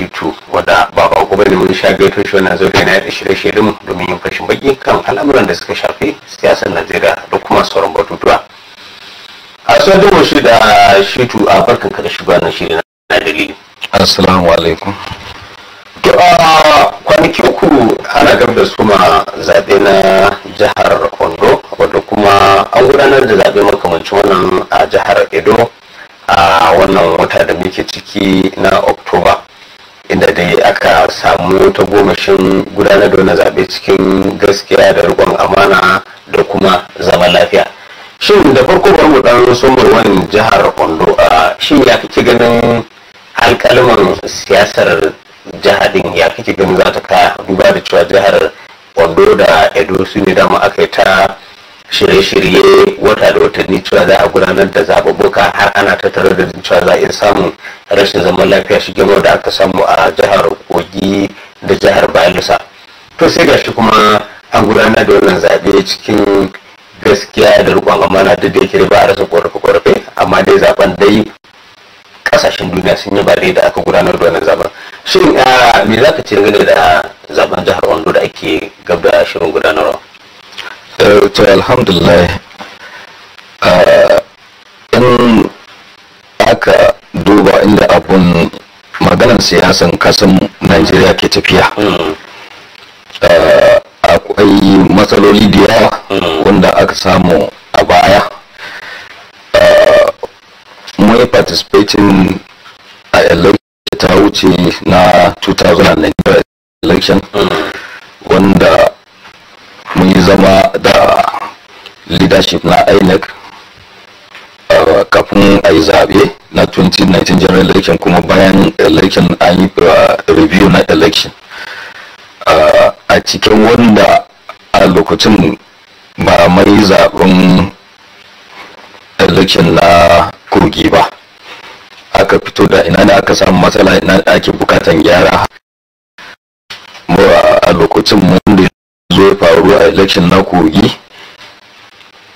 Shitu wadda baba gobe da mun sha gaito shi wannan zaure na da shirye shirye mu domin yin fashin baki kan al'amuran da suka shafi siyasar Najeriya da kuma sauran batutuwa. A sadar shi da Shitu a barkan ka da shugaban shirye na dalili. Assalamu alaikum. To a kwanaki uku ana gab da ma zaɓe na jihar Ondo wadda kuma an gudanar da zaɓe makamancin wannan a jihar Edo a wannan wata da muke ciki na Oktoba. inda dai aka samu ta gomashin gudanar da wani zaɓe cikin gaskiya da rikon amana da kuma zaman lafiya shin da farko bari mu dan wani jihar ondo a shin ya kake ganin alƙalman siyasar jihar din ya kike ganin za ta kaya duba da cewa jihar ondo da edo su ne dama aka yi ta shirye-shirye wata da watanni cewa za a gudanar da zaɓuɓɓuka har ana tattare da cewa za a iya samun rashin zaman lafiya shi gama da aka samu a jihar kogi da jihar bayelsa to sai ga shi kuma an gudanar da wannan zaɓe cikin gaskiya da riƙon amana duk da yake ba a rasa ƙorafe-ƙorafe amma dai zaɓen dai ƙasashen duniya sun yi bare da aka gudanar da wannan zaɓen. shin ah, me za ka ce da zaɓen jihar ondo da ake gab shirin gudanarwa to alhamdulillah uh, in aka duba inda abun maganar siyasan kasan najeriya ke tafiya uh, akwai matsaloli da yawa wanda aka samu a baya uh, mai participating a election ta wuce na 2019 election wanda mun yi zama da leadership na inec uh, kafin a yi zaɓe na 2019 general election kuma bayan election an yi uh, review na election uh, a cikin wanda a lokacin ba mai zaben election na kogi ba aka fito da ina ne aka samu matsala ina ake bukatan gyara a lokacin mun da ya faru a election na kogi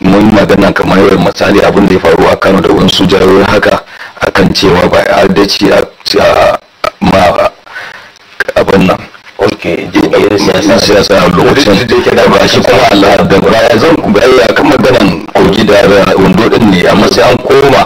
mun magana kamar yau misali abin da ya faru a kano da wasu jarorin haka akan cewa ba adalci a ma abin nan siyasa a lokacin da ba shi kuma Allah baya zan baya kan maganan kogi da wando din ne amma sai an koma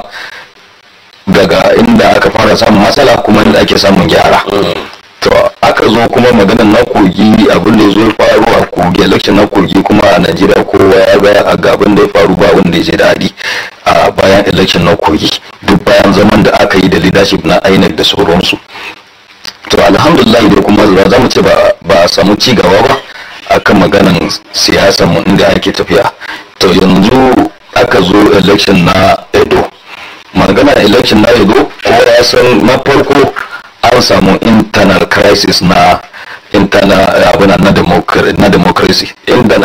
daga inda aka fara samun matsala kuma inda ake samun gyara mm. to aka zo kuma maganan na kogi abin da ya faru a kogi election na kogi kuma a najeriya kowa ya ga a gaban da ya faru ba wanda ya ji daɗi a bayan election na kogi duk bayan zaman da aka yi da leadership na inec da sauransu to alhamdulillah dai kuma za mu ce ba a samu cigaba gaba ba akan maganan siyasar mu inda ake tafiya to yanzu aka zo election na edo magana election na edo ko ya san na farko an samu internal crisis na internal eh, abuna na democracy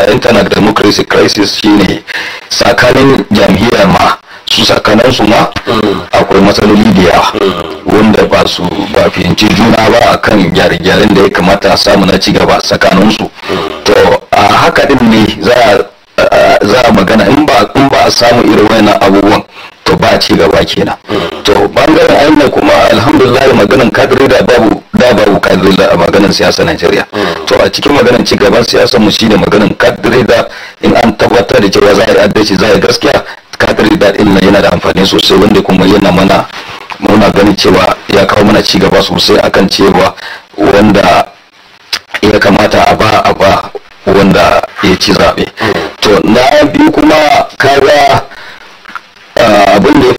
internal democracy crisis shine tsakanin jamiyya ma su tsakanin su ma hmm. akwai matsaloli da yawa hmm. wanda ba su ba fahimci juna ba akan gyare-gyaren da ya kamata a samu na cigaba sakanin su hmm. to a haka din ne za a magana in ba a samu irin wayannan abubuwan ba a ci gaba kenan to bangaren ainihin kuma alhamdulillah maganin kadiri da babu da babu kadiri da maganin siyasa Najeriya to a cikin maganin ci gaban siyasa mu shine maganin kadiri da in an tabbatar da cewa za a yi adalci za a yi gaskiya kadiri da din yana da amfani sosai wanda kuma yana mana muna ganin cewa ya kawo mana ci gaba sosai akan cewa wanda ya kamata a ba a ba wanda ya ci zaɓe to na biyu kuma kaga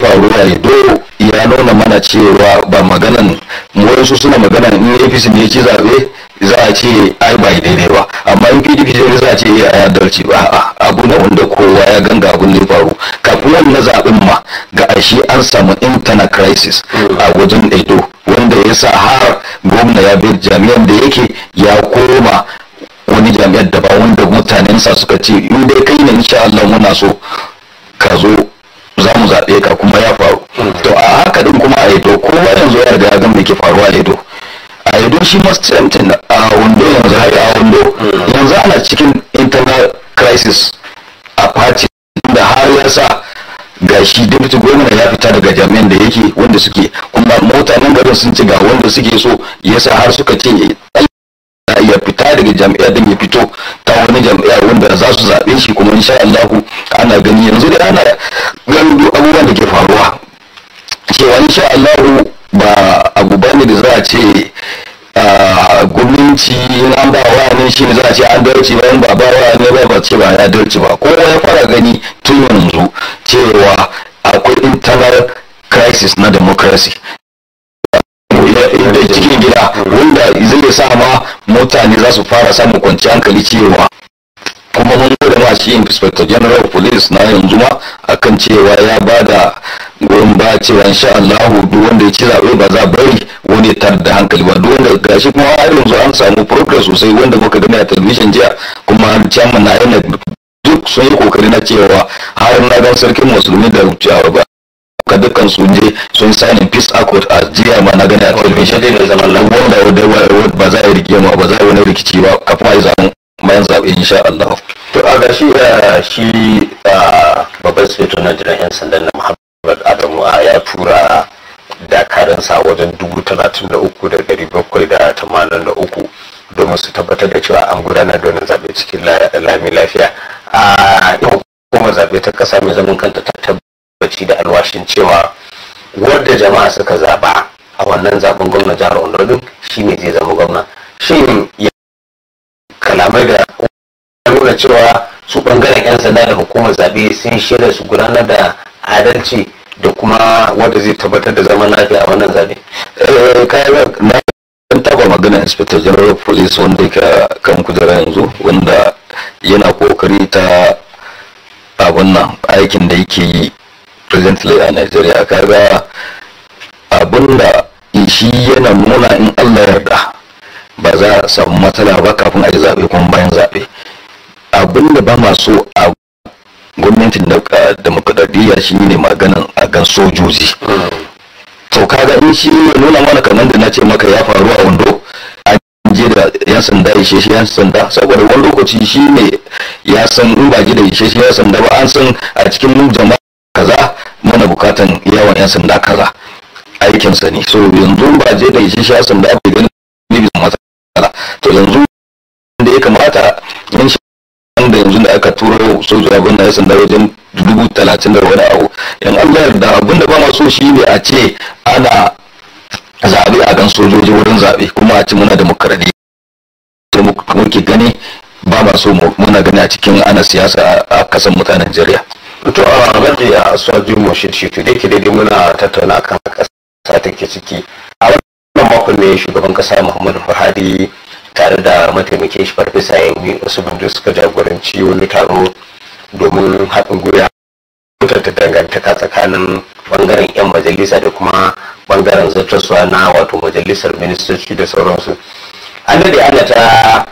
zai edo ne ya nuna mana cewa ba maganan wasu suna magana in apc ne ci zaɓe za a ce ai ba daidai ba amma in pdp ne za a ce ya eh, adalci ba a abu na wanda kowa ya ganga abun da ya faru kafin na zaɓen ma ga ashe an samu internal crisis a wajen edo wanda ya sa har gwamna ya bi jami'an da yake ya koma wani jami'ar da ba wanda mutanensa suka ce in dai kai ne insha Allah muna so ka zo za mu zaɓe ka kuma ya faru to a haka din kuma a edo kowa yanzu ya riga ya gama ke faruwa a edo a edo shi ma samtin a wando yanzu haka a wando yanzu ana cikin internal crisis a party da har ya sa ga shi deputy gwamna ya fita daga jami'an da yake wanda suke kuma nan garin sun ci ga wanda suke so yasa har suka ce daga jami'a din ya fito ta wani jami'a wanda za su zaɓe shi kuma insha Allah ana gani yanzu da ana ganin duk abubuwan da ke faruwa cewa insha Allah ba abu bane da za a ce gwamnati an ba wa ne shi ne za a ce an dauce ba in ba ba wa ne ba ba ce ba ya dauce ba kowa ya fara gani tun yanzu cewa akwai internal crisis na democracy inda cikin gida wanda zai sa ma mutane za su fara samun kwanci hankali cewa kuma mun gode ma shi inspector general police na yanzu ma akan cewa ya bada goyon ba cewa insha Allah duk wanda ya ci zabe ba za bari wani tar da hankali ba duk wanda gashi kuma har yanzu an samu progress sosai wanda muka gani a television jiya kuma har chairman na yana duk sun yi kokari na cewa har na ga sarkin musulmi da ba. ka dukkan su je sun sign peace accord a jiya ma na gani a television da zaman wanda wanda ba za a yi ma ba za a yi wani rikici ba kafin a zamu bayan zaɓe insha Allah. To a ga shi shi babban sufeto na jiran 'yan sandan na Muhammad Adamu ya tura dakaransa wajen dubu talatin da uku da ɗari bakwai da tamanin da uku domin su tabbatar da cewa an gudanar da wani zaɓe cikin lami lafiya. A yau kuma zaɓe ta ƙasa mai zaman kanta ta tabbaci da alwashin cewa wadda jama'a suka zaɓa a wannan zaben gwamna jihar Ondo din shi ne zai zama gwamna shi ya kalamai da nuna cewa su bangaren 'yan sanda da hukumar zabe sun shirya su gudanar da adalci da kuma wadda zai tabbatar da zaman lafiya a wannan zabe eh, na taba magana inspector general police wanda ke kan kujera yanzu wanda yana kokari ta abin nan aikin da yake yi presently a nigeria kaga abinda shi yana nuna in allah yarda ba za a samu matsala ba kafin a yi zaɓe kuma bayan zaɓe abinda ba ma a gwamnatin demokradiyya shi ne maganan a gan sojoji to kaga in shi nuna mana kamar da na ce maka ya faru a wando an je da yan sanda ishe shi yan sanda saboda wani lokaci shi ne ya san in ba gida ishe shi yan sanda ba an san a cikin jama'a kaza muna bukatan yawan yan sanda kaza aikinsa ne so yanzu ba je da ishe yan sanda bai ganin bisa matsala to yanzu da ya kamata yan shi da yanzu da aka tura so abin da yan sanda wajen dubu talatin da wani abu yan Allah da abin da ba ma so shi ne a ce ana zaɓe a kan sojoji wurin zaɓe kuma a ce muna to muke gani ba ma so muna gani a cikin ana siyasa a kasan mutanen Najeriya. to a ranar da ya aswaju mashid shi to dai daidai muna tattauna kan kasa take ciki a wannan makon ne shugaban kasa muhammadu buhari tare da mataimakin shi farfesa yi wasu bindu suka jagoranci wani taro domin haɗin gwiwa mutunta dangantaka tsakanin bangaren 'yan majalisa da kuma bangaren zartaswa na wato majalisar ministoci da sauransu an da ana ta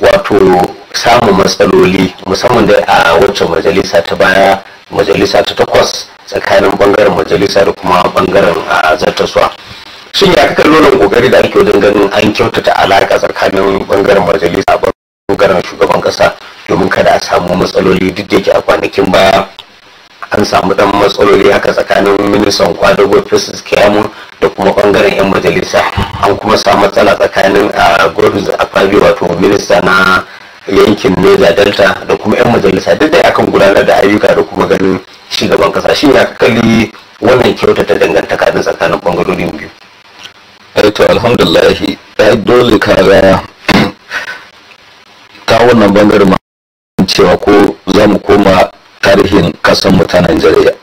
wato samun matsaloli musamman da a wacce majalisa ta baya majalisa ta takwas tsakanin bangaren majalisa da kuma bangaren zartaswa shin ya kallo nuna kokari da ake wajen ganin an kyautata alaka tsakanin bangaren majalisa a bangaren shugaban kasa domin kada a samu matsaloli duk da yake a kwanakin baya an samu dan matsaloli haka tsakanin ministan kwadago fesis kiyamu da kuma bangaren yan majalisa an kuma samu matsala tsakanin a gordon afabi wato minista na yankin Neza, Delta da kuma 'yan majalisa duk da akan gudanar da ayyuka da kuma ganin shugaban kasa shi ya kalli wannan ta dangantaka da tsakanin bangarorin biyu. aito eh alhamdulillah ya dole ka ga ta wannan bangare ma cewa ko za mu koma tarihin kasan mu ta nigeria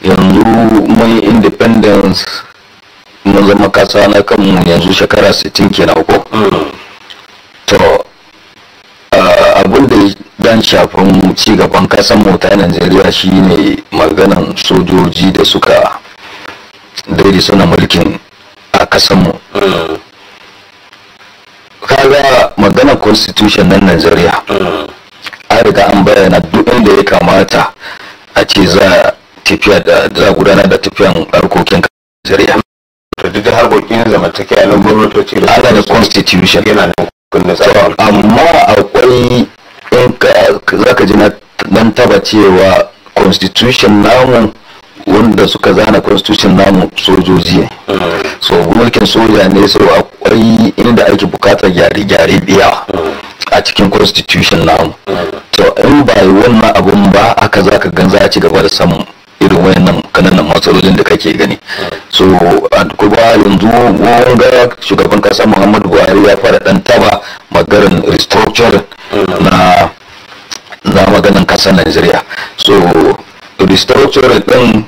Yanzu mun independence mun zama kasa na kanmu yanzu shekara 60 kenan ko. abin da dan shafin ci gaban kasan mu ta Najeriya shine maganan sojoji da suka daidai suna mulkin a kasan mu kaga maganar constitution na Najeriya a riga an bayyana duk inda ya kamata a ce za tafiya da za gudanar da tafiyan harkokin Najeriya to duk da harkokin zamantakewa na gwamnatoci da ana da constitution yana da kundin amma akwai Za ka ji dan taba cewa constitution namu wanda suka zana constitution namu sojoji ne so mulkin soja ne so akwai inda ake bukatar gyare-gyare biya a cikin constitution namu to in ba wannan abun ba aka ka gan za a ci gaba da samun irin wayannan kananan matsalolin da kake gani so kuma yanzu wanga shugaban kasa muhammadu buhari ya fara dan taba magarin restructure na kasar Najeriya so to restructuring din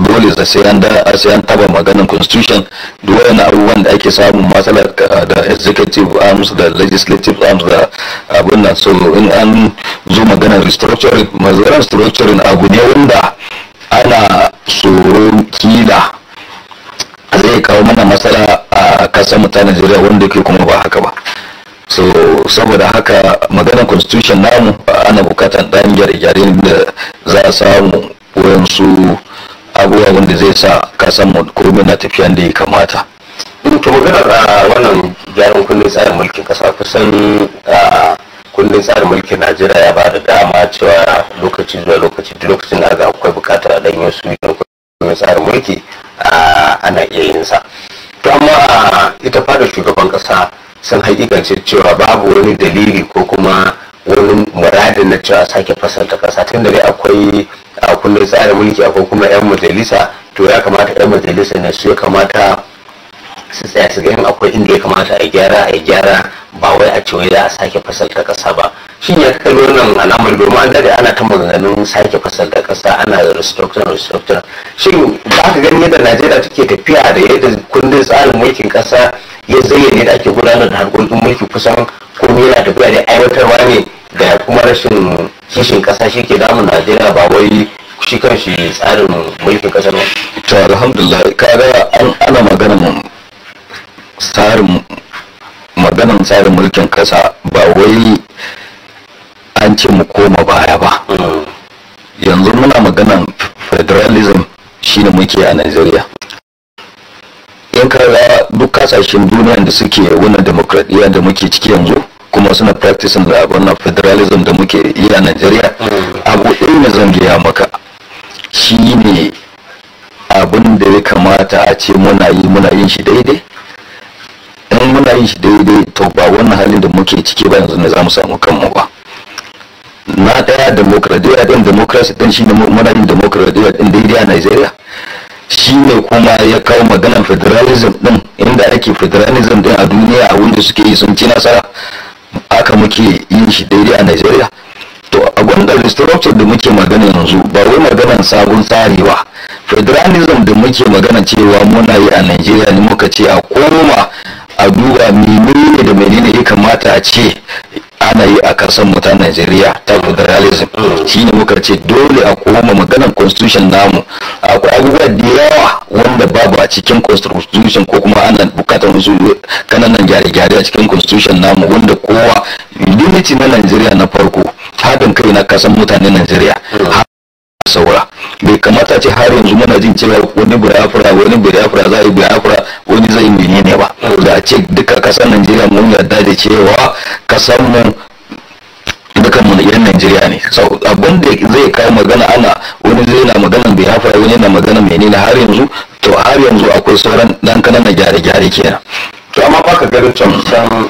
dole da sai an da sai an taba maganin constitution duk wani abubuwan da ake samu matsala ah, da executive arms da legislative arms da abun nan so in an zo maganar restructuring mazalar restructuring abu ne wanda ana tsoron kila zai kawo mana matsala a kasar mutane Najeriya wanda ke kuma ba haka ba so saboda haka maganar constitution namu ana bukatan ɗan gyare-gyaren da za a samu su abubuwa wanda zai sa kasan mu komai na tafiyan da ya kamata to magana a ah, wannan gyaran kundin tsarin mulkin kasa kusan ah, kundin tsarin mulkin najeriya ya ba da dama cewa lokaci zuwa lokaci duk lokacin da ga akwai bukatar a ɗanyen su kundin tsarin mulki ah, ana iya yin sa to amma ita fada shugaban kasa san ce cewa babu wani dalili ko kuma wani muradin na cewa sake fasalta ƙasa. tun da dai akwai a kundin tsarin mulki akwai kuma 'yan majalisa to ya kamata 'yan majalisa ne su ya kamata su tsaya su gani akwai inda ya kamata a gyara a gyara ba wai a cewa za a sake fasalta ƙasa ba shi ne ka kalli wannan alamar domin an dade ana ta maganganun sake fasalta ƙasa, ana da restructuring restructuring shin ba ka gani yadda najeriya take tafiya da yadda kundin tsarin mulkin ƙasa? ya zayyana da ake gudanar da harkokin mulki kusan komai yana tafiya da aiwatarwa ne da kuma rashin kishin kasa shi ke damun najeriya ba wai shi kan shi tsarin mulkin kasa ba to alhamdulillah kaga an ana maganan tsarin maganan tsarin mulkin kasa ba wai an ce mu koma baya ba mm. yanzu muna maganan federalism shine muke a najeriya in ka kasashen duniya da suke wani demokradiyya da muke ciki yanzu kuma suna practicing da abin federalism da muke yi a Najeriya hmm. abu ɗaya na zan gaya maka shi ne abin da ya kamata a ce muna yi muna yin shi daidai in muna yin shi daidai to ba wannan halin da muke ciki ba yanzu ne za mu samu kanmu ba na ɗaya demokradiyya ɗin demokrasi ɗin shine muna yin demokradiyya ɗin daidai a Najeriya Shi ne kuma ya kawo maganar federalism din inda ake federalism din a duniya a wanda suke yi sun ci nasara aka muke yin shi daidai a Najeriya to a gwanda restructure da muke magana yanzu ba wai maganar sabon tsari ba federalism da muke magana cewa muna yi a Najeriya ne muka ce a koma a duba menene da menene ya kamata a ce ana yi a kasar mu ta Najeriya ta federalism shine muka ce dole a koma maganar constitution namu akwai abubuwa da yawa wanda babu a cikin constitution ko kuma ana bukatar musu kananan gyare-gyare a cikin constitution namu wanda kowa limiti na Najeriya na farko haɗin kai na kasan mutanen Najeriya saura bai kamata ce har yanzu muna jin cewa wani biafra wani biafra za a yi biafra wani zai yi menene ba da a ce duka kasar najeriya mun yarda da cewa mu dukanmu na yan najeriya ne abin da zai kai magana ana wani zai na magana bai hafa wani yana magana mai menene har yanzu to har yanzu akwai sauran dan kanana gyare-gyare kenan to amma ba ka ganin can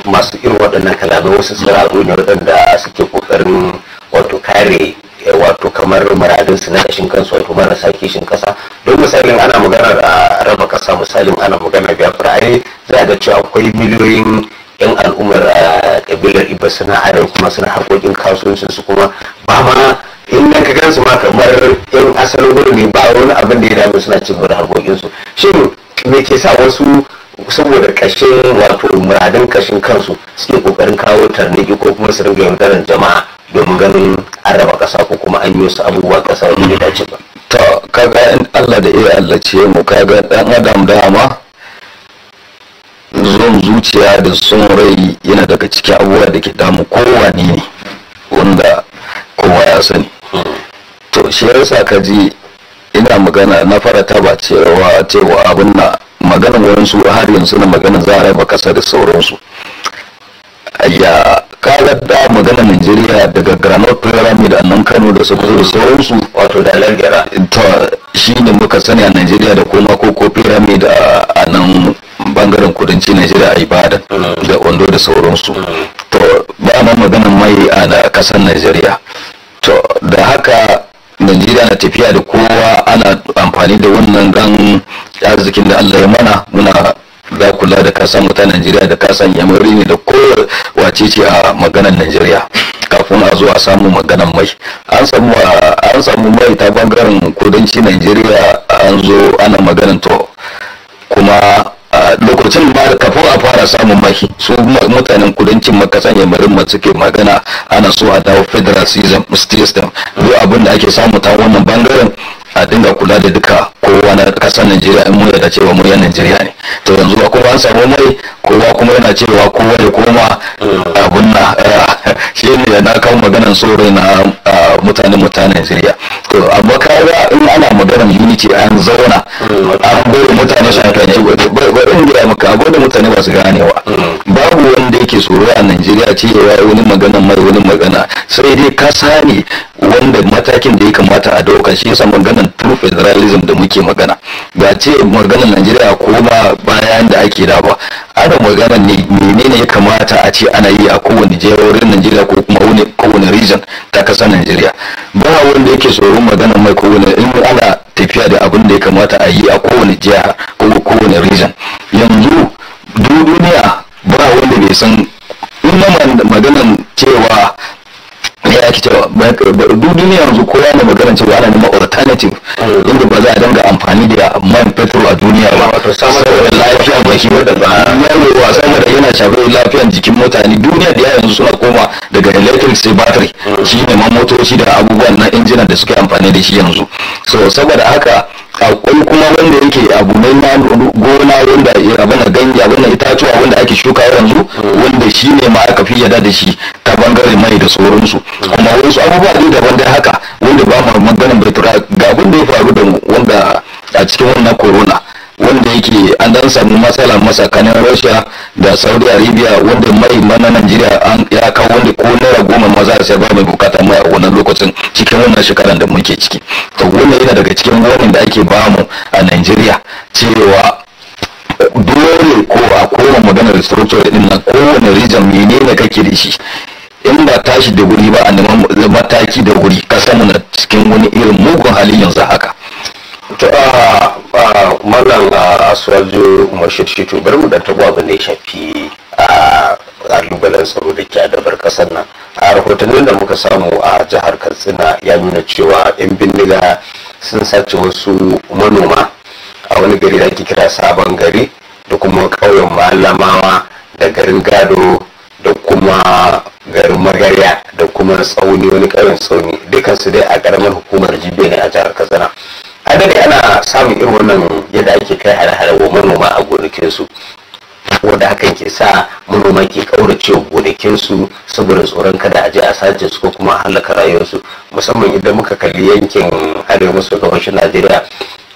masu irin waɗannan kalamai wasu sana'o'i ne waɗanda suke ƙoƙarin wato kare eh, wato kamar su na kashin kansu wato marasa kishin kasa don misalin ana magana da ah, raba kasa misalin ana magana biafra ai za ga cewa akwai miliyoyin yan al'ummar a kabilar iba suna hada kuma suna harkokin kasuwancin su kuma ba ma in nan ka gansu ma kamar yan asalin gudu ne ba wani abin da ya dame suna cin gudu harkokin su shin me ke sa wasu saboda kashe wato muradin kashin kansu suke kokarin kawo tarniki ko kuma su ringa yankaran jama'a domin ganin an raba kasa ko kuma an yi wasu abubuwa kasa wani ya dace ba. to kaga in allah da iya allah ce mu kaga dan adam dama zuwan zuciya da son rai yana daga cikin abubuwa da ke damu kowa ne wanda kowa ya sani to shi yasa ka ji ina magana na fara taba cewa cewa abin na wurin su har yanzu na maganin za a raba kasa da sauransu ya kalar da magana Najeriya daga Granot Pyramid a nan Kano da Sokoto da sauransu wato da Lagara ta shi ne muka sani a Najeriya da kuma Koko Pyramid a nan bangaren kudanci najeriya a ibadan da ondo da sauransu to ba ma maganin mai a na kasar najeriya to da haka najeriya na tafiya da kowa ana amfani da wannan gan arzikin da allah ya mana muna za kula da kasan mu najeriya da kasan yamuri ne da kowa wace ce a maganar najeriya kafin a zo a samu maganan mai an samu mai ta bangaren kudanci najeriya an zo ana maganan to kuma lokacin ma kafin a fara samun maki su mutanen kudancin makasan yammarin ma suke magana ana so a dawo federal system duk abin da ake samu ta wannan bangaren a dinga kula da duka kowa na kasar Najeriya in mun yarda cewa mu Najeriya ne to yanzu a kowa an samu mai kowa kuma yana cewa kowa ya koma abun na shi ne na kawo maganan tsoro na mutanen mutanen Najeriya to amma kaga in ana maganar unity an zauna an goyi mutane su fahimci maka abin da mutane ba su ganewa babu wanda yake tsoro a Najeriya yi wani magana mai wani magana sai dai ka sani wanda matakin da ya kamata a dauka shi yasa maganan true federalism da muke magana ba ce maganan Najeriya ko ba bayan da ake da ba ana magana ne menene ya kamata a ce ana yi a kowane jihohin Najeriya ko kuma kowane region ta kasa Najeriya ba wanda yake tsoron magana mai kowane in ana tafiya da abin da ya kamata a yi a kowane jiha ko kowane region yanzu duniya ba wanda bai san ina maganan cewa ya ake cewa duniya yanzu kowa na maganan cewa ana nema alternative inda ba za a danga amfani da man fetur a duniya ba saboda lafiya ba shi wadda ba yawo wasan yana shafar lafiyar jikin mutane duniya da yanzu suna koma daga electric sai battery shi ne ma motoci da abubuwan na injina da suke amfani da shi yanzu so saboda haka akwai kuma wanda yake abu ne na gona wanda rabu na ganye itatuwa wanda ake shuka yanzu wanda shi ne ma aka fi yada da shi ta bangaren mai da sauransu Kuma wasu abubuwa ne daban dai haka wanda ba mu maganin bai tura ga abin da ya faru da mu wanda a cikin wannan corona wanda yake an dan samu matsala masakanin russia da saudi arabia wanda mai mana nigeria an ya kawo wanda ko naira goma maza sai ba mai bukatar mai a wannan lokacin cikin wannan shekarar da muke ciki to wannan yana daga cikin wurin da ake bamu a nigeria cewa dole ko a kowane maganar structure din nan kowane region ne kake da shi in ba tashi da guri ba a neman mataki da guri ka samu na cikin wani irin mugun halin yanzu haka to a ah, ah, mallam ah, aswaju mashir shito bari mu da tabo abin da ya shafi a ah, ƙalubalen tsaro da ke adabar kasar nan a ah, rahotannin da muka samu a jihar katsina ya nuna cewa yan bindiga sun sace wasu manoma a wani gari da ake kira sabon gari da kuma ƙauyen malamawa da garin gado da kuma garin magarya da kuma tsauni wani ƙauyen tsauni dukansu dai a ƙaramar hukumar jibe ne a jihar katsina an dai ana samun irin wannan yadda ake kai hare-hare wa manoma a gonakinsu wanda hakan ke sa manoma ke kaurace gonakinsu saboda tsoron kada a je a sace su ko kuma a halaka rayuwarsu musamman idan muka kalli yankin arewa maso gabashin najeriya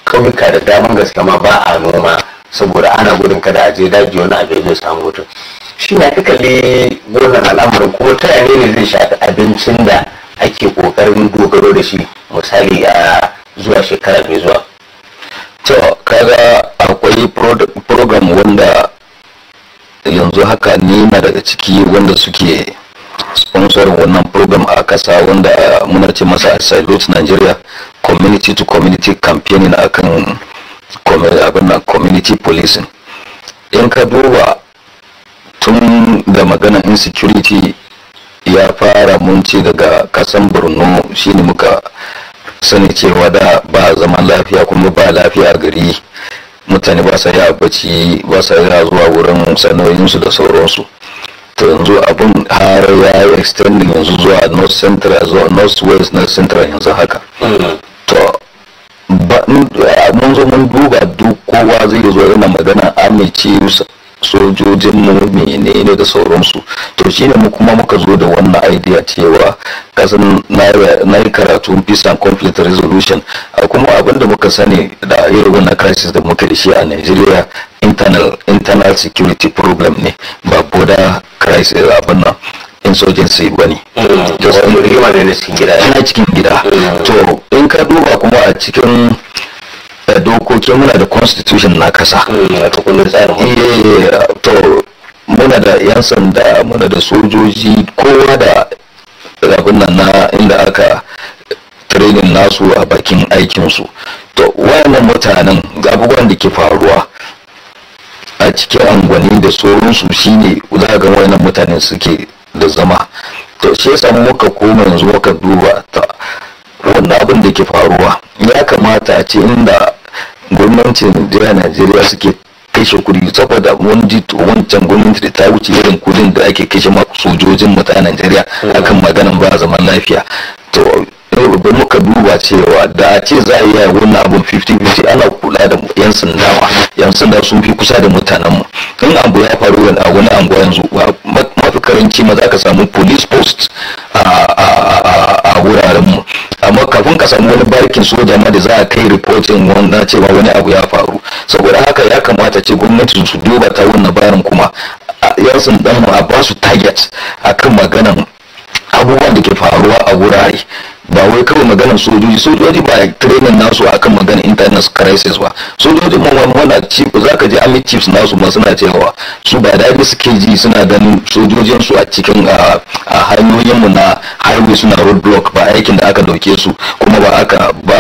kauyuka da daman gaske ma ba a noma saboda ana gudun kada a je daji wani abin zai samu mutum shi ne aka kalli wannan al'amarin kuma ta ne zai shafi abincin da ake ƙoƙarin dogaro da shi misali a zuwa shekara mai zuwa to kaga akwai program wanda yanzu haka ni na daga ciki wanda suke sponsor wannan program a kasa wanda muna ce masa salute nigeria community to community campaigning akan kan community policing in ka duba tun da maganar insecurity ya fara mun ce daga kasan borno shine muka sani cewa da ba zama lafiya kuma ba lafiya gari mutane ba sa yi abaci ba sa yi zuwa wurin sanoyinsu da sauransu to yanzu abin har ya yi extending yanzu zuwa north central zuwa north west north central yanzu haka mm-hmm. to mun zo mun duba duk kowa zai zo yana magana amince sojojin mu menene da sauransu to shine mu kuma muka zo da wannan idea cewa kasan na yi karatu peace and conflict resolution kuma abinda muka sani da irin wannan crisis da muka da shi a nigeria internal internal security problem ne ba border crisis eh, abin nan insurgency ba ne. Mm. cikin gida. Mm. To in ka duba kuma a cikin eh, dokokin muna da constitution na kasa mm, eh, to muna da yan sanda muna da sojoji kowa da abin nan na inda aka training nasu a bakin aikinsu to wayannan mutanen abubuwan da ke faruwa a cikin angwani da sauransu shine za ga wayannan mutane suke da zama to shi yasa muka koma yanzu muka duba ta wannan abin da ke faruwa ya kamata a ce inda gwamnatin jiya najeriya suke kashe kuɗi saboda mun wancan gwamnati da ta wuce irin kudin da ake kashe sojojin mu ta najeriya akan maganan ba zaman lafiya to da muka duba cewa da a ce za a yi wani abun 50-50 ana kula da yan sanda yan sanda sun fi kusa da mutanen mu in abu ya faru a wani anguwa yanzu mafi karanci ma za ka samu police post a wurarenmu. amma kafin ka samu wani barkin soja ma da za a kai reporting wanda cewa wani abu ya faru saboda haka ya kamata ce gwamnati su duba ta wannan barin kuma yan sandan a ba su target akan maganan abubuwan da ke faruwa a wurare ba wai kawai maganar sojoji sojoji ba training nasu akan maganar internet crisis ba sojoji ma wani chief za ka je army chiefs nasu ma suna cewa su ba daɗi suke ji suna ganin sojojin su a cikin a hanyoyin mu na highway suna roadblock ba aikin da aka dauke su kuma ba aka ba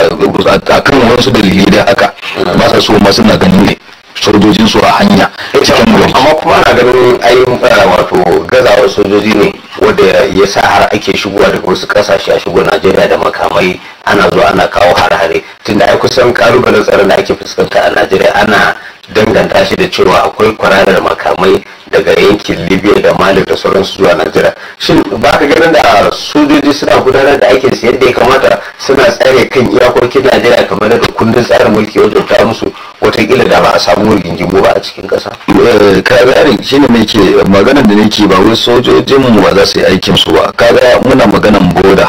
akan wasu dalilai da haka ba sa so ma suna ganin ne sojojin su a hanya cikin gari amma kuma ana ganin ayin eh, wato gazawar sojoji ne wanda ya sa har ake shigowa daga wasu kasashe a shigo Najeriya da makamai ana zuwa ana kawo har-hare tunda ai kusan kalubalen tsaron da ake fuskanta a Najeriya ana danganta shi da cewa akwai kwararar makamai daga yankin libya da mali da sauransu zuwa najeriya shin ba ka ganin da sojoji suna gudanar da ake su yadda ya kamata suna tsare kan iyakokin najeriya kamar da kundin tsarin mulki wajen ta musu watakila da ba a samu rigingimu ba a cikin ƙasa. Eh, kaga shi ne ke maganar da nake ba wai sojojin mu ba za su yi aikin su ba kaga muna maganan boda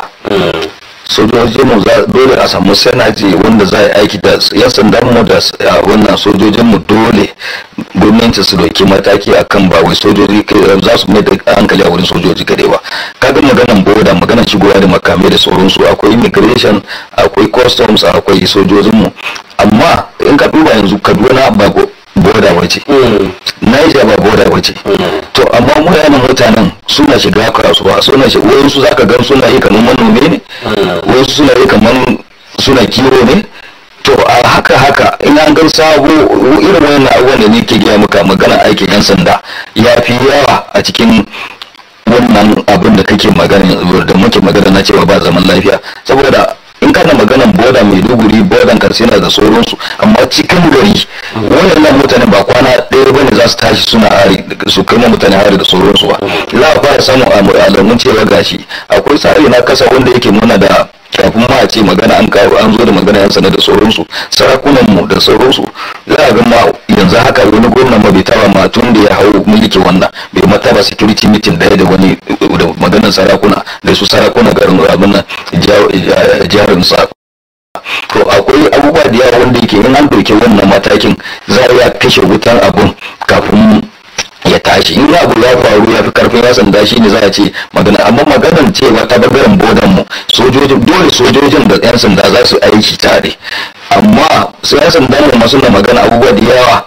sojojin mu dole a samu senaji wanda za a yi aiki da yan sandan mu da wannan sojojin mu dole gwamnati su dauki mataki a kan ba wai sojoji za su mai da hankali a wurin sojoji gare ba kaga maganan boda maganan shigowa da makamai da su akwai immigration akwai customs akwai sojojin mu amma in ka duba yanzu kaduna ba boda wace hmm. niger ba boda wace hmm. to amma mutanen mutanen suna shiga kasuwa suna shiga wayansu zaka gan suna yi kamar manomi ne hmm. wayansu suna yi kamar suna kiwo ne to a haka haka in an gan sabo irin wannan abubuwan da nake gaya maka magana aikin yan sanda ya fi yawa a cikin wannan abin da kake magana da muke magana na cewa ba zaman lafiya saboda in kana maganan boda mai maiduguri bodan katsina da sauransu amma cikin gari wannan mutane ba kwana ɗaya ba ne za su tashi suna hari su kai mutane hari da sauransu ba za a fara samun alamun cewa gashi akwai tsari na kasa wanda yake muna da kafin ma a ce magana an kawo an zo da magana yan sana da sauransu sarakunan mu da sauransu za a ga ma yanzu haka wani gwamna ma bai taba ma tun da ya hau miliki wannan bai ma taba security meeting daya da wani da maganar sarakuna da su sarakuna garin rabin nan jarin eh, sa to akwai abubuwa da yawa wanda yake in an dauke wannan matakin za a kashe wutan abun kafin ya tashi in abu ya faru ya fi karfin ya sanda shi ne za a ce magana amma magana sojojin da 'yan sanda za su aiki tare amma su 'yan sanda ne masu na magana abubuwa da yawa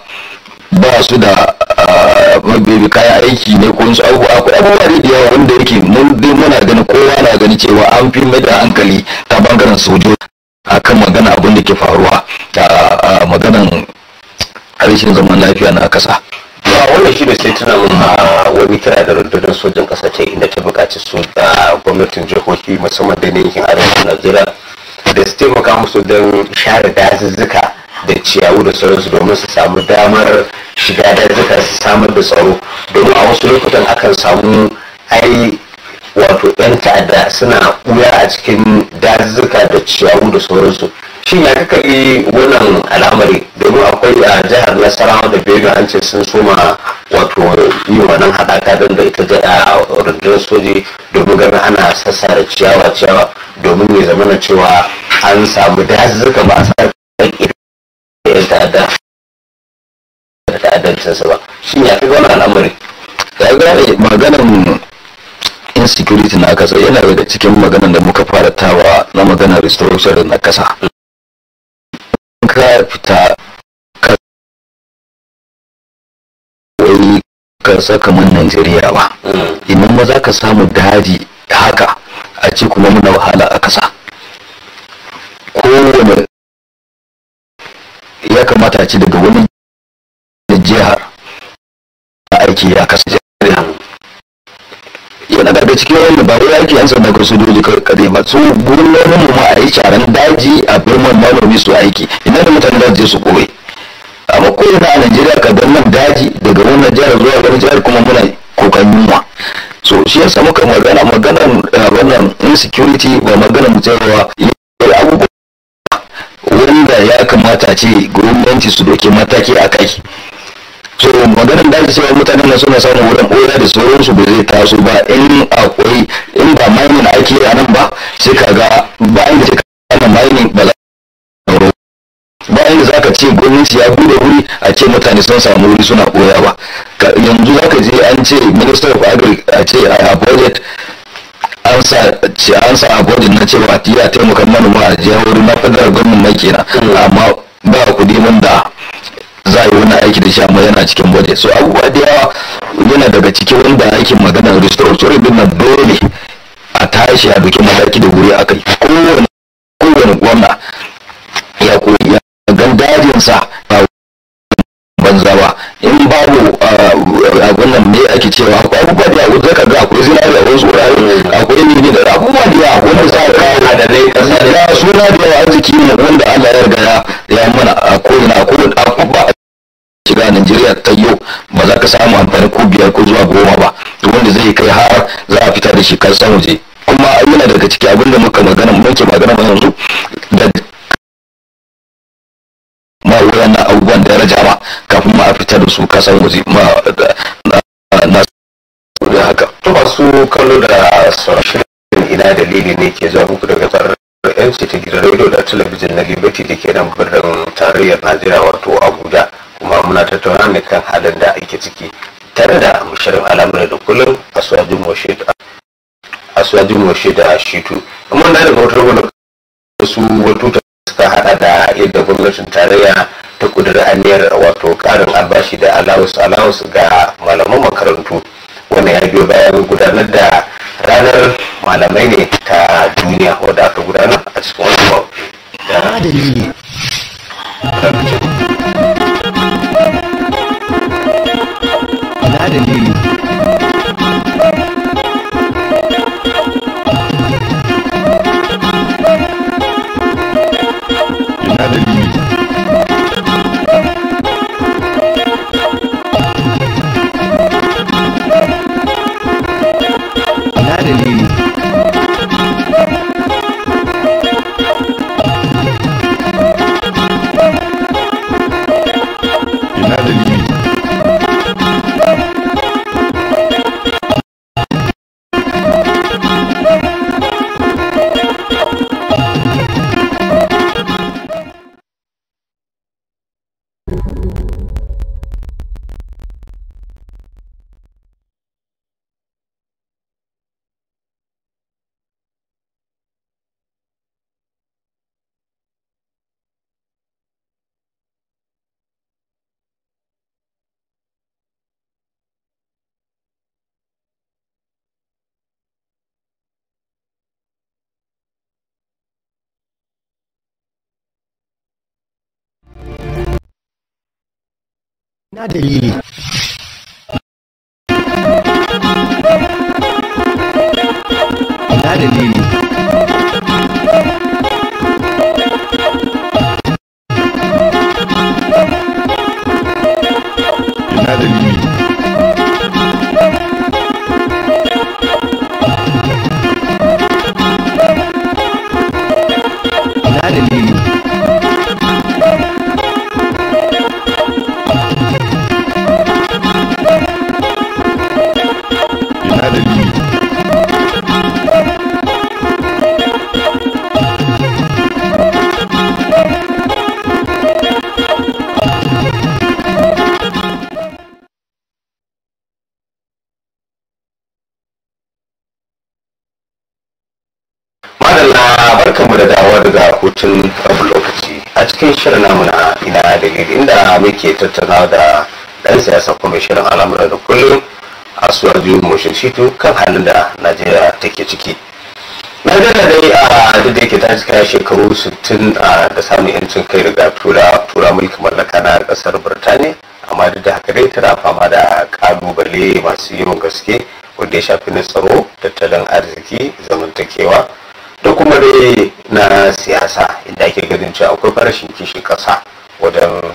ba su da ah, mabibi kaya aiki ne ko su abubuwa akwai abubuwa da yawa wanda yake mun dai muna gani kowa na gani cewa an fi mai da hankali ta bangaren sojoji kan magana abin da ke faruwa ta ah, ah, maganan rashin zaman lafiya na kasa. wannan shi da sai tuna a wani kira da rundunar sojan ƙasa ta inda ta bukaci su da gwamnatin jihohi musamman da yankin arewacin najeriya da su taimaka musu don share dazuzzuka da ciyawu da sauransu domin su samu damar shiga dazuzzuka su samar da tsaro domin a wasu lokutan akan samu ai wato 'yan ta'adda suna ɓuya a cikin dazuzzuka da ciyawu da sauransu shin ya kaka yi wannan al'amari domin akwai a jihar nasarawa da bello an ce sun soma wato yi wannan haɗaka don da ita da rundunar soji domin ganin ana sassa da ciyawa ciyawa domin ya zama na cewa an samu dazuzzuka ba a sa yan ta'adda da sassa ba shin ya kaka wannan al'amari ya gane maganan insecurity na kasa yana daga cikin maganan da muka fara tawa na maganar restoration na kasa ya fita ka wai ka saka mun Najeriya ba mm. idan maza za ka samu daji haka a ce kuma muna wahala a kasa kowane ya kamata ci daga wani jihar aiki ya kasa a cikin wanda ba ya ake yan sanda ko sojoji kadai ba su gurin mu ma a yi sharan daji a birman malami su aiki ina da mutane da su koyi amma ko ina a Najeriya ka nan daji daga wannan jihar zuwa wani jihar kuma muna kokan yunwa so shi yasa muka magana magana eh, wannan insecurity ba maganan mutarwa abubuwa wanda ya kamata ce gwamnati su doke mataki a kai so maganar da ake cewa mutanen na suna samun wurin boya da sauransu ba zai taso ba in akwai in ba mining ake a nan ba sai ka ga bayan da kana mining ba bayan da zaka ce gwamnati ya bude wuri a ce mutane sun samu wuri suna ɓoya ba yanzu zaka je an ce minister of agri a ce a budget an sa a budget na cewa ya taimakon manoma a jihohi na federal gwamnati kenan mm. amma ba kuɗi mun da za a yi wani aiki da shi yana cikin waje so abubuwa da yawa yana daga cikin wanda aikin maganar restructuring din nan dole a tashi a bikin mataki da wuri akai kowane kowane gwamna ya koyi ya gandajinsa ba banza ba in babu a ah, wannan ne ake cewa akwai abubuwa da yawa zaka ga akwai zinari wasu wurare akwai nini da abubuwa da yawa wanda za a kawo da dai suna da yawa arziki ne wanda Allah ya gaya zuwa goma ba wanda zai kai har za a fita da shi kasan waje kuma yana daga ciki abin da muka magana muke magana yanzu da ma na abubuwan daraja ba kafin ma a fita da su kasan waje ma na da haka to masu kallo da sarashin ina dalili ne ke zuwa muku daga tsarar mc ta gidan radio da talabijin na liberty da ke nan birnin tarayyar najeriya wato abuja kuma muna tattauna ne kan halin da ake ciki tare da shirin al'amuran da kullum aswajin moshe da aswajin moshe da shitu amma na daga wata rubuta wasu batuta suka hada da yadda gwamnatin tarayya ta kudura aniyar wato karin albashi da alawus alawus ga malaman makarantu wannan ya biyo bayan gudanar da ranar malamai ne ta duniya wadda aka gudanar a cikin wani da dalili Gracias. ina dalili tattauna da ɗan siyasa kuma shirin da kullum a suwaju moshishitu kan halin da najeriya take ciki najeriya dai a duk da yake ta cika shekaru 60 da samun yancin kai daga tura tura mulkin mallaka na kasar birtaniya amma duk da haka dai tana fama da kalubale masu yawan gaske wanda ya shafi na tsaro tattalin arziki zamantakewa da kuma dai na siyasa inda ake ganin cewa akwai farashin kishi kasa wajen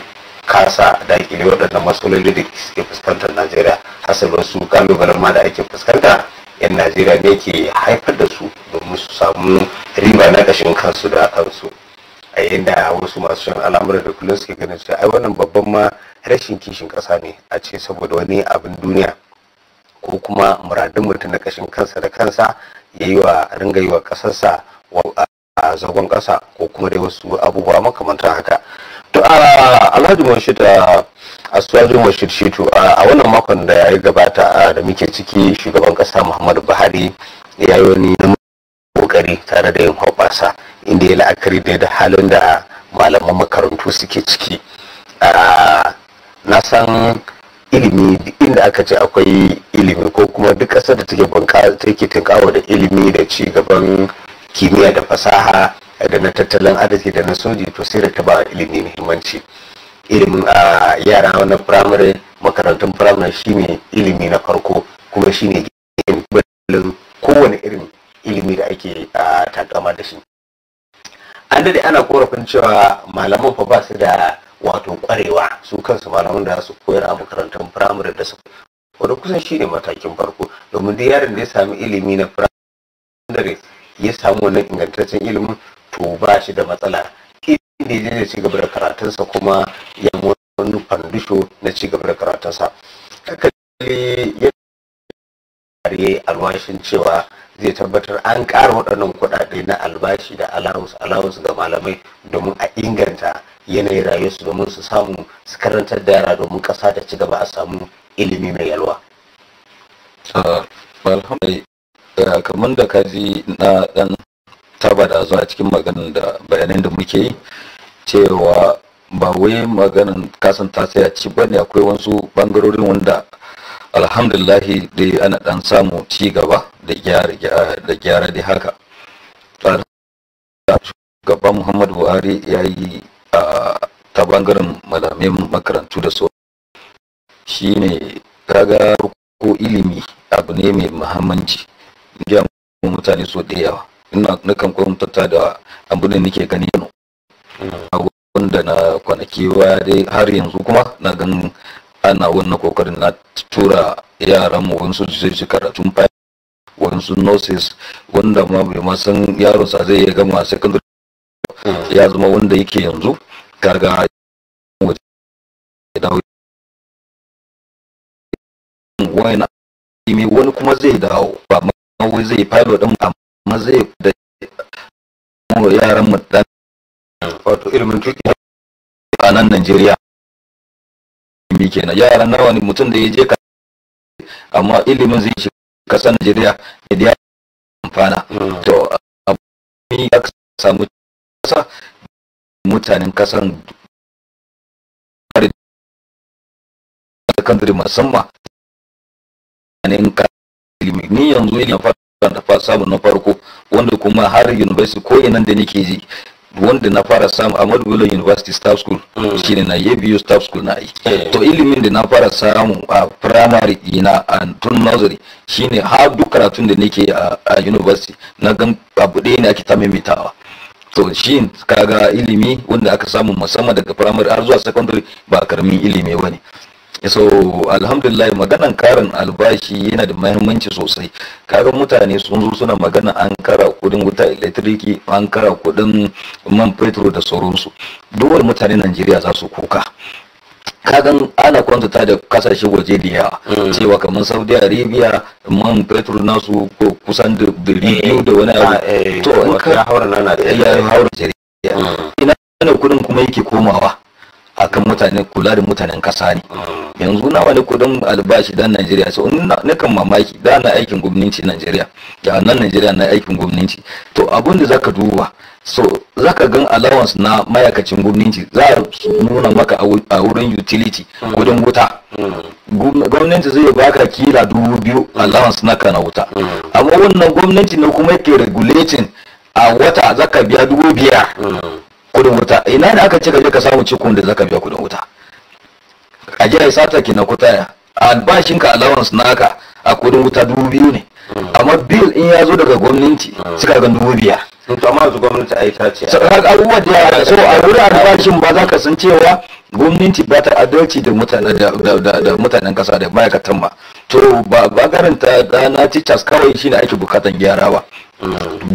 kasa dakile waɗannan matsaloli da ke fuskantar najeriya hasalin su kalubalen ma da ake fuskanta yan najeriya ne ke haifar da su domin su samu riba na kashin kansu da kansu a da wasu masu shan al'amuran da kullum suke ganin su ai wannan babban ma rashin kishin ƙasa ne a ce saboda wani abin duniya ko kuma muradin mutum na kashin kansa da kansa ya yi wa ringa yi wa ƙasarsa a zagon ƙasa ko kuma dai wasu abubuwa makamantan haka to a alhaji mashid a asuwajin mashid a wannan makon da ya gabata da muke ciki shugaban kasa muhammadu buhari ya yi wani kokari tare da yin hoɓasa inda ya la'akari da halin da malaman makarantu suke ciki na san ilimi inda aka ce akwai ilimi ko kuma duk ƙasar da take take tunkawa da ilimi da ci gaban kimiyya da fasaha da na tattalin arziki da na soji to sai da ta ba ilimi muhimmanci ilimin a yara na firamare makarantun firamare shine ilimi na farko kuma shine ginin kowane irin ilimi da ake takama da shi an dade ana korafin cewa malaman fa ba su da wato kwarewa su kansu malaman da su koyar a makarantun firamare da su wanda kusan shine matakin farko domin da yaron da ya sami ilimi na firamare ya samu wannan ingantaccen ilimin to ba shi da matsala inda zai ci gaba da karatunsa kuma ya wani fandisho na cigaba da karatunsa kakali ya kariye alwashin cewa zai tabbatar an ƙara waɗannan kuɗaɗe na albashi da allowance allowance ga malamai domin a inganta yanayin rayuwarsu domin su samu su karantar da yara domin ƙasa ta ci gaba a samu ilimi mai yalwa. Ah, eh, kamar da ka ji na dan taba da zuwa cikin maganin da bayanan da muke yi cewa ba wai maganin kasan ta a ci ba ne akwai wasu bangarorin wanda alhamdulilahi dai ana dan samu ci gaba da gyara da gyara da haka gaban muhammadu buhari ya yi ta bangaren malamin makarantu da so shi ne raga ko ilimi abu ne mai muhammanci mutane so da yawa ina kan kwamtata da abin da nake gani yano wanda na kwanaki wa dai har yanzu kuma na gan ana wannan kokarin na tura yaran mu wasu su je karatun fa wasu nurses wanda ma bai ma san yaro sa zai iya gama secondary ya zama wanda yake yanzu kaga wani kuma zai dawo ba ma wai zai pilot din maza ya da yaran mu dan wato ilimin tuki a nan Najeriya mi kenan yaran nawa ne mutum da ya je amma ilimin zai shiga kasar Najeriya da ya amfana to abin ya samu kasa mutanen kasan secondary musamman ne ka ilimi ni yanzu ina fa ta fara samu na farko wanda kuma har university ko nan da nake ji wanda na fara samu a Bello University Staff School mm. Shi ne na biyu Staff School na yi eh. to ilimin da na fara samu a primary ina a tun nursery shi ne har duk karatun da nake a university na gan abu ɗaya ne ake ta maimaitawa to shi kaga ilimi wanda aka samu musamman daga primary har zuwa secondary ba karamin ilimi wani. so alhamdulillah maganan karin albashi yana da mahimmanci sosai kaga mutane sun zo suna magana an kara kudin wuta electriki an kara kudin man fetur da sauransu dole mutane najeriya za su kuka kagan ana kwantata da kasashe waje da yawa mm. cewa kamar saudi arabia man fetur nasu kusan da biyu da wani abu ah, eh. to in ka ya haura najeriya mm. ina kudin kuma yake komawa akan mutane kula da mutanen kasa ne mm. yanzu nawa ne kudin albashi dan Najeriya so na kan mamaki da na aikin gwamnati Najeriya ya nan Najeriya na aikin gwamnati to abun da zaka duba so zaka gan allowance na mayakacin gwamnati za su nuna maka a wurin utility kudin mm. wuta mm. gwamnati zai baka kila dubu biyu allowance na kana wuta amma wannan gwamnati ne kuma yake regulating a wata zaka biya dubu biyar kudin wuta ina ne aka ce ka je ka samu cikon da zaka biya kudin wuta a je ai sata ki na kuta albashin ka allowance naka a kudin wuta dubu biyu ne hmm. amma bill in ya zo daga gwamnati hmm. suka ga dubu biya hmm, to amma su gwamnati ai ta ce sai abubuwa da ya so a wurin albashin ba za ka san cewa gwamnati ba ta adalci da mutanen da mutanen kasa da ma'aikatan ba to ba garanta da na teachers kawai shine ake bukatan gyara ba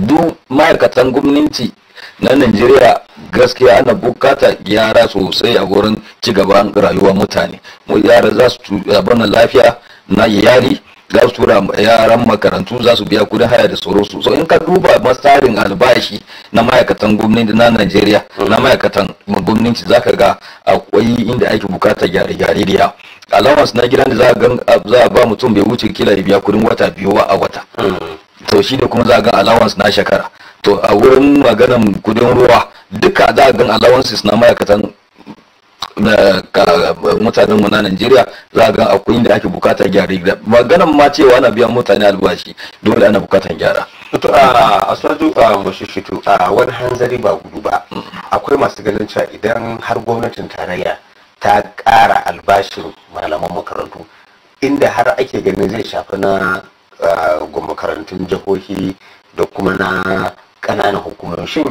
duk ma'aikatan gwamnati na najeriya gaskiya ana bukata gyara sosai a gurin cigaban rayuwa mutane yara za su abin lafiya na iyali za su tura yaran makarantu za su biya kudin haya da tsoro so in ka duba masarin albashi na ma'aikatan gwamnati na najeriya na ma'aikatan gwamnati za ka ga akwai inda ake bukata gyare-gyare da yawa alawans na gidan da za a ba mutum bai wuce kila ya biya kudin wata biyu a wata hmm. to shi ne kuma za a ga alawans na shekara to a wurin maganan kudin ruwa duka za a gan allowances na ma'aikatan mutanen mu na Najeriya za a gan akwai inda ake bukatar gyara maganan ma cewa ana biyan mutane albashi dole ana bukatar gyara to a asaju a mushishitu, a wani hanzari ba gudu ba akwai masu ganin cewa idan har gwamnatin tarayya ta ƙara albashin malaman makarantu inda har ake ganin zai shafi na makarantun jihohi da kuma na Kananan hukumomi shin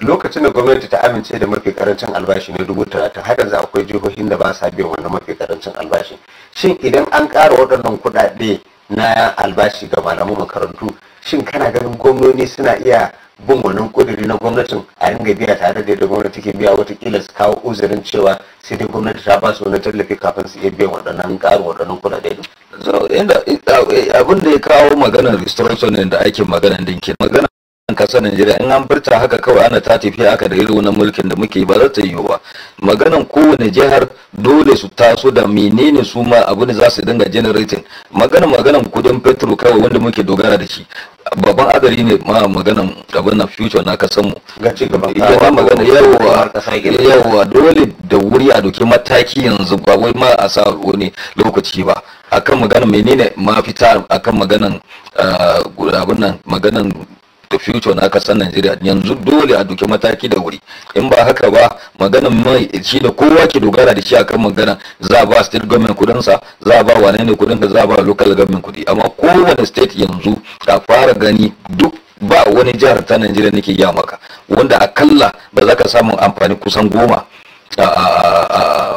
lokacin da gwamnati ta amince da mafi karancin albashi na dubu talatin har yanzu akwai jihohin da ba sa biyan wannan mafi karancin albashi shin idan an ƙara waɗannan kuɗaɗe na albashi ga malaman makarantu shin kana ganin gwamnoni suna iya bin wannan ƙuduri na gwamnatin a ringa biya tare da gwamnati ke biya watakila su kawo uzurin cewa sai dai gwamnati ta basu su wani tallafi kafin su iya biyan waɗannan ƙarin waɗannan kuɗaɗe so eh, abin da ya kawo maganar restoration da ake magana dinkin magana nan kasar Najeriya in an furta haka kawai ana ta tafi aka da irin na mulkin da muke ba za ta yi ba maganan kowane jihar dole su taso da menene su ma abu da za su dinga generating maganan maganan kudin petrol kawai wanda muke dogara da shi babban adari ne ma maganan abin na future na kasar mu ga ci gaba ita magana yawa yawa dole da wuri a doki mataki yanzu ba wai ma a sa wani lokaci ba akan maganan menene mafita akan maganan ah, abin nan maganan the future na kasar Najeriya yanzu dole a duki mataki da wuri in ba haka ba magana mai shi da kowa ke dogara da shi akan magana za ba state government kudin sa za ba wane ne kudin da za ba local government kudi amma kowane state yanzu ta fara gani duk ba wani jihar ta Najeriya nake ya maka wanda akalla ba za ka samu amfani kusan goma a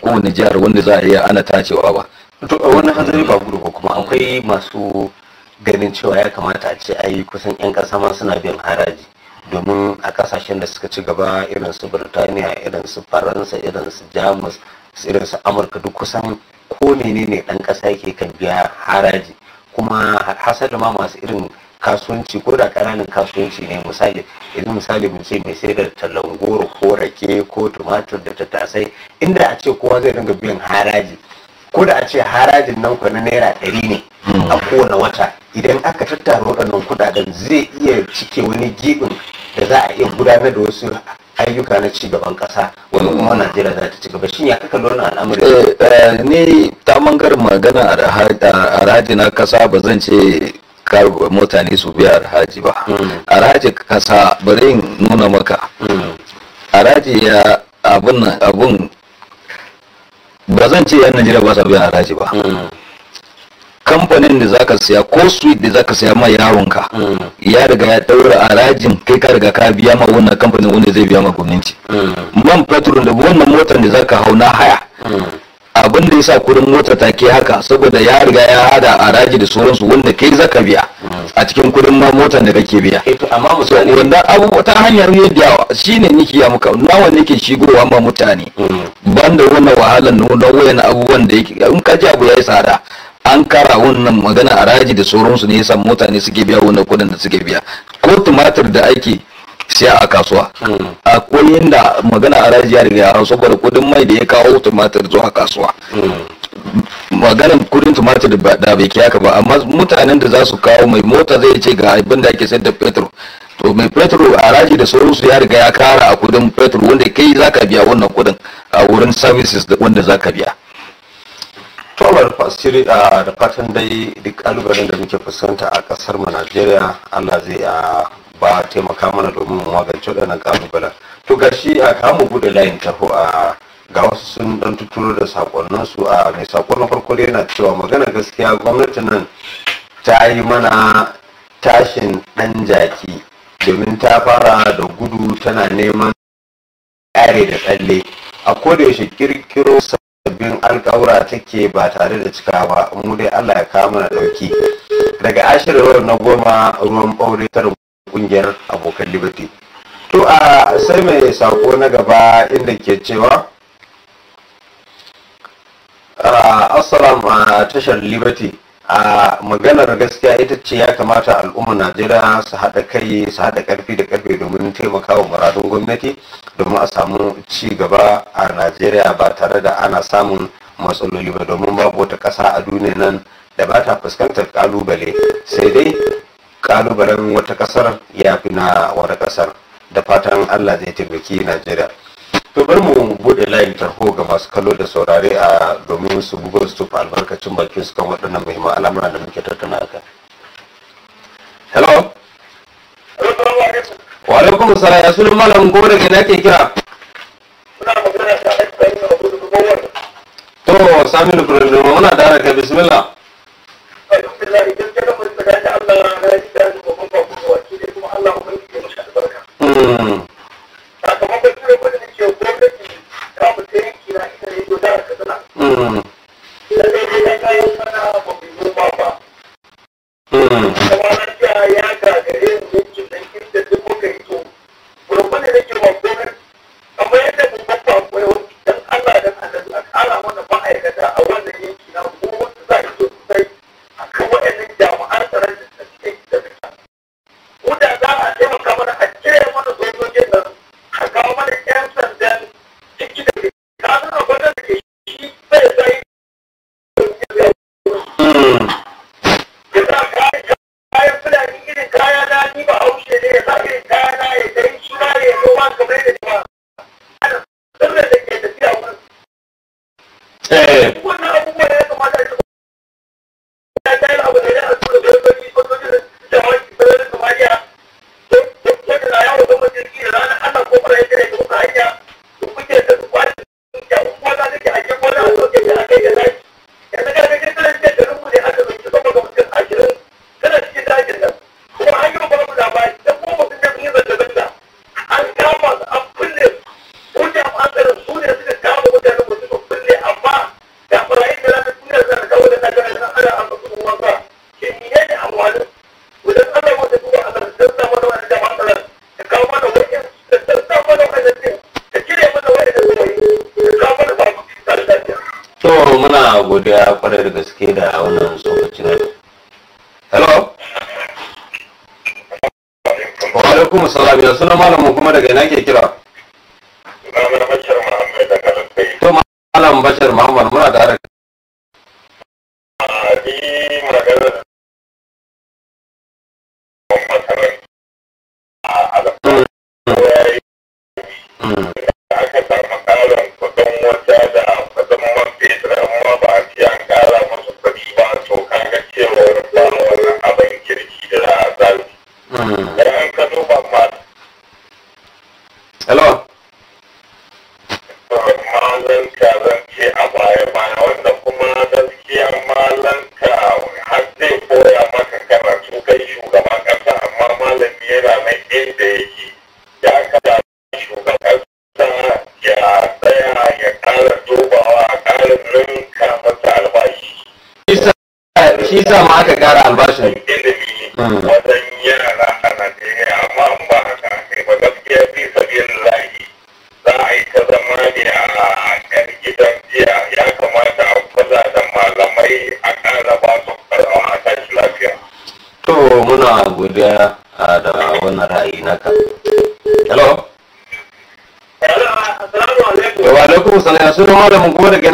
kowane jihar wanda za a iya ana tacewa ba wani hanzari ba gudu ba kuma akwai masu ganin cewa ya kamata a ce ayi kusan 'yan ƙasa ma suna biyan haraji domin a kasashen da suka ci gaba irin su birtaniya irin su faransa irin su jamus irin su amurka duk kusan ko menene ɗan ƙasa yake kan biya haraji kuma da ma masu irin kasuwanci ko da ƙananan kasuwanci ne misali idan misali mu ce mai sayar da ko rake ko tumatur da tattasai inda a ce kowa zai dinga biyan haraji ko a ce harajin nan kwanu na naira ɗari ne a kowane wata idan aka tattara waɗannan kuɗaɗen zai iya cike wani gibin da za a iya gudanar da wasu ayyuka na ci gaban ƙasa wani kuma najeriya za ta ci gaba shin ya kaka lona al'amari eh, eh, ne ta mangar magana a rajin na ƙasa ba zan ce kar mutane su biya haji ba hmm. rajin kasa bari nuna maka hmm. rajin ya abun ba zan ce yan najeriya ba sa biyan haraji ba mm. kamfanin da zaka siya ko suite da zaka siya ma yawonka, mm. ya riga ya daura harajin kai ka riga ka biya ma wannan kamfanin wanda zai biya ma gwamnati mm. man fetur da wannan motar da zaka hau na haya abin da sa kudin mota ta ke haka saboda ya riga ya hada a raji da sauransu wanda kai zaka biya a cikin kudin ma mota da kake biya eh, amma misali wanda abubuwa ta hanyar yadda shine niki ya muka nawa nake shigowa ma mutane hmm. banda wannan wahalan na wayan abubuwan da yake in ka ji abu yayi tsada an kara wannan magana a raji da sauransu ne yasa ne suke biya wannan kudin da suke biya ko tumatir da ake siya a kasuwa akwai yadda magana a ya riga ya saboda kudin mai da ya kawo tumatir zuwa kasuwa maganin kudin tumatir da bai aka ba amma mutanen da za su kawo mai mota zai ce ga abin da ake sayar da fetur to mai fetur haraji da sauransu ya riga ya kara a kudin fetur wanda kai za ka biya wannan kudin a wurin services wanda za ka biya Tomar Fasiri da fatan dai duk da muke fuskanta a kasar mu Najeriya Allah zai ba a taimaka mana domin mu magance waɗannan kalubalen to ga shi a kamu buɗe layin taho a ga wasu sun dan tuturo da sakonnin su a mai sakon na farko dai yana cewa magana gaskiya gwamnatin nan ta yi mana tashin ɗan jaki domin ta fara da gudu tana neman ƙare da tsalle a yaushe ƙirƙiro sabbin alƙawura take ba tare da cika ba mu dai allah ya kama mana ɗauki daga ashirin na goma ruwan ɓaure karin kungiyar abokan liberty to a sai mai sako na gaba inda ke cewa assalamu a tashar liberty a maganar gaskiya ita ce ya kamata al'ummar najeriya su haɗa kai su haɗa ƙarfi da ƙarfi domin taimaka wa muradun gwamnati domin a samu ci gaba a najeriya ba tare da ana samun matsaloli ba domin babu wata ƙasa a duniya nan da ba ta fuskantar ƙalubale sai dai kalubalen wata kasar ya fi na wata kasar da fatan allah zai taimaki najeriya to bari mu bude layin tarho ga masu kallo da saurare a domin su bugo su tufa albarkacin bakin su kan waɗannan muhimman al'amura da muke tattauna haka hello wa alaikum salam ya sunan malam gobe ga nake kira to sami lukurin muna da ka bismillah Gracias.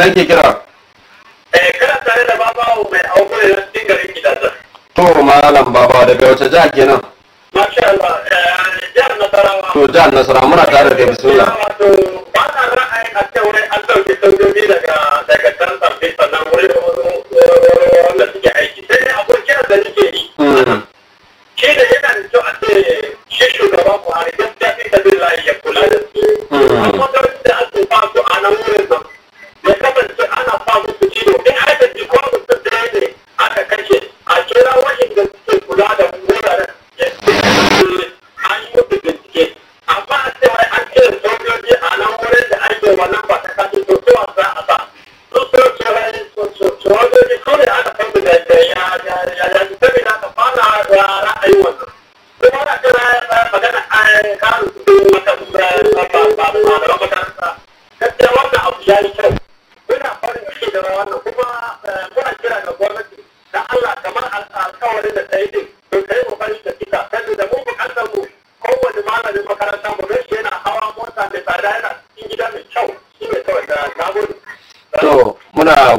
ake kira eh kana tare da babawo mai aure da cikin garin to malam babawo daga wace jiha kenan masha Allah eh, jihar Nasarawa to jihar Nasarawa muna tare da bismillah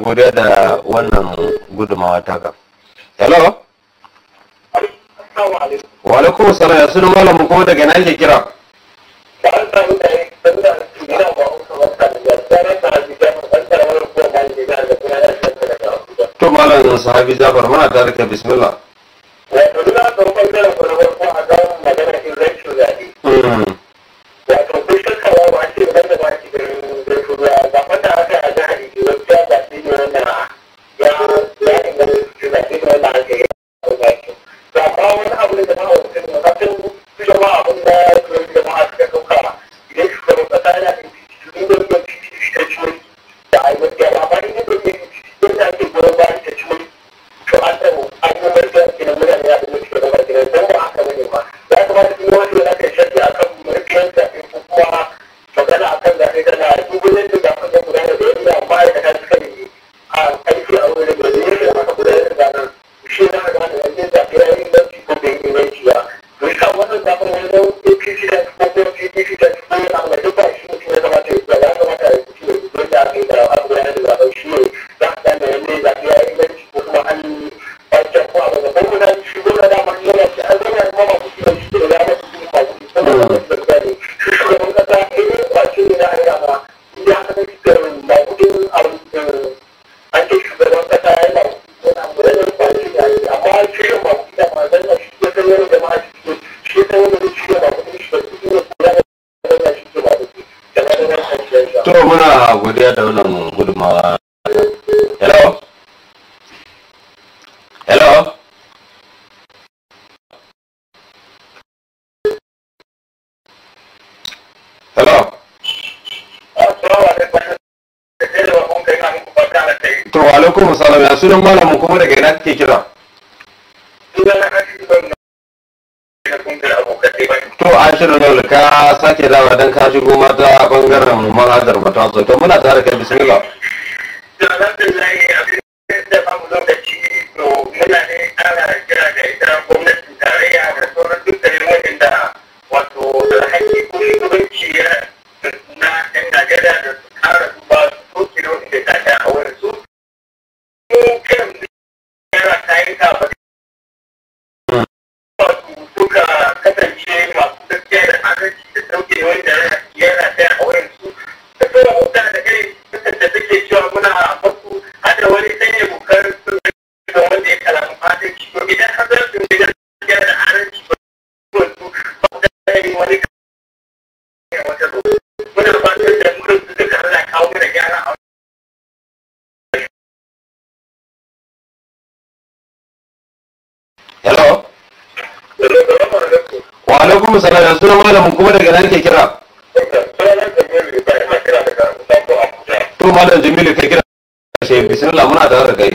godiya da wannan gudumawa ga. hello wa alaikum salam ya sunu malamin kuma daga na ke kira to malam sahabi jafar muna tare ka bismillah Hallelujah. sunan malamin kuma daga ina kake kira to ashirin yau ka sake dawa don ka shigo mata bangaren mu manhajar mata to muna tare kai bismillah wani Hello. Wa alaikum salam yanzu na malamin kuma daga nan ke kira. To malam Jamilu ka kira. Bismillah muna tare da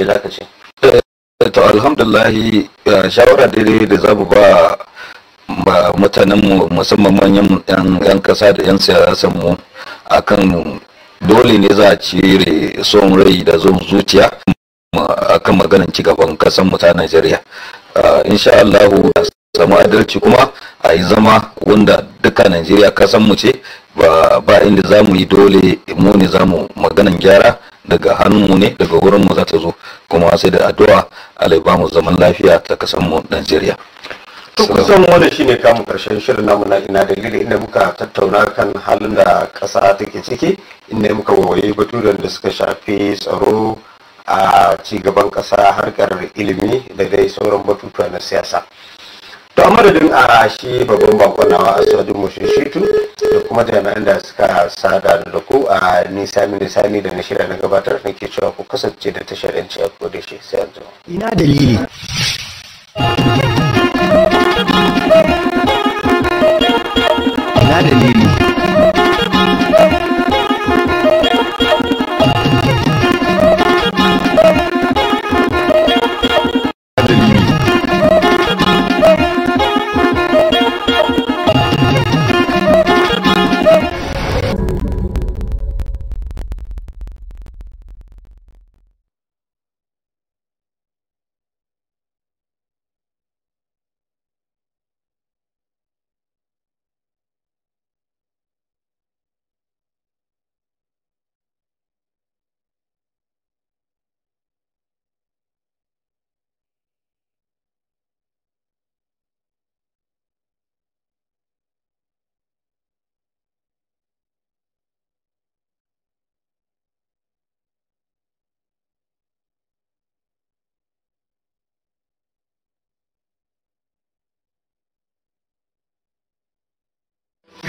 me za ka ce to alhamdulahi shawara daidai da za mu ba mutanenmu musamman manyan 'yan kasa da 'yan siyasar mu akan dole ne za a cire son rai da zon zuciya akan maganan cigaban kasan mu ta Najeriya. Insha Allah samu adalci kuma a yi zama wanda duka Najeriya kasan mu ce ba inda za mu yi dole mu ne za mu maganan gyara daga hannunmu ne daga wurinmu za ta zo kuma sai da addu'a Allah ba mu zaman lafiya ta kasan mu Najeriya to kusan wannan shine kamun karshen shirin namu na ina dalili inda muka tattauna kan halin da ƙasa take ciki inda muka wawaye batutan da suka shafi tsaro a cigaban ƙasa harkar ilimi da dai sauran batutuwa na siyasa to a madadin a shi babban bakon nawa asadu mushishitu da kuma jami'an da suka sada da ku a nisa mini sani da na shirya na gabatar nake cewa ku kasance da tashar yanci a shi sai yanzu ina dalili ina dalili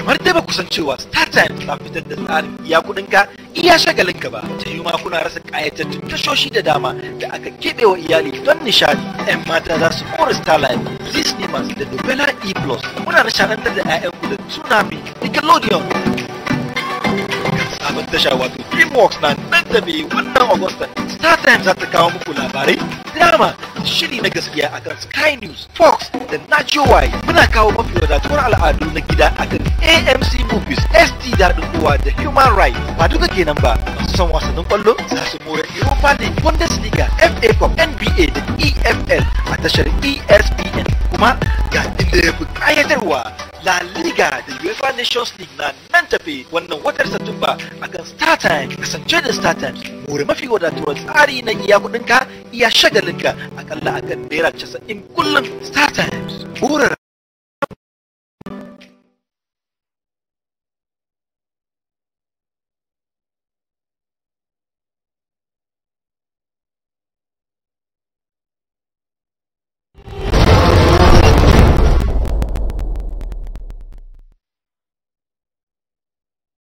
kamar dai ba kusan cewa StarTimes ta fitar da tsarin iya kuɗin ka iya shagalin ka ba ta yi ma kuna rasa ƙayatattun tashoshi da dama da aka keɓe wa iyali don nishaɗi yan mata za su kora Starlight Zee Cinemas da Novella E Plus kuna nishaɗantar da 'ya'yanku da Tsunami Nickelodeon sabon tasha wato DreamWorks na nan tafi wannan Agusta StarTimes za ta kawo muku labarai drama shiri na gaskiya akan Sky News, Fox da Y. Muna kawo mafi wadatuwar al'adu na gida akan AMC Movies, ST da uwa da Human Rights. Ba duka kenan ba, masu son wasannin kwallo za su more Europa League, Bundesliga, FA Cup, NBA da EFL a tashar ESPN. Kuma ga inda ya fi ƙayatarwa La Liga da UEFA Nations League na nan tafe wannan watar Satumba akan Star Times kasance da Star Times more mafi wadatuwar tsari na iya kudinka iya shagalinka akalla kan naira 90 kullum Star Burar